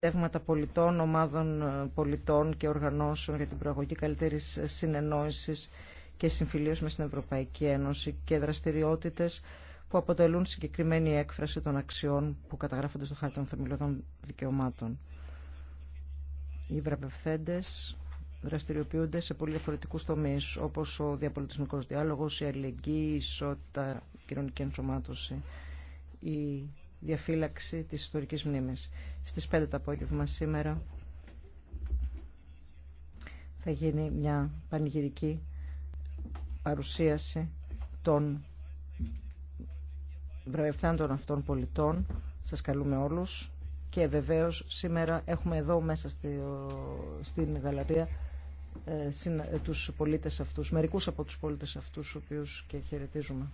Τεύματα πολιτών, ομάδων ε, πολιτών και οργανώσεων για την προαγωγή καλύτερη συνεννόηση και συμφιλίωση με στην Ευρωπαϊκή Ένωση και δραστηριότητε που αποτελούν συγκεκριμένη έκφραση των αξιών που καταγράφονται στο χάρτη των θεμελιωδών δικαιωμάτων. Οι βραβευθέντε δραστηριοποιούνται σε πολύ διαφορετικού τομεί, όπω ο διαπολιτισμικό διάλογο, η αλληλεγγύη, η ισότητα, η κοινωνική ενσωμάτωση, η διαφύλαξη της ιστορικής μνήμης. Στις 5 το απόγευμα σήμερα θα γίνει μια πανηγυρική παρουσίαση των των αυτών πολιτών. Σας καλούμε όλους και βεβαίως σήμερα έχουμε εδώ μέσα στην γαλαρία ε, ε, τους πολίτες αυτούς, μερικούς από τους πολίτες αυτούς, οποίους και χαιρετίζουμε.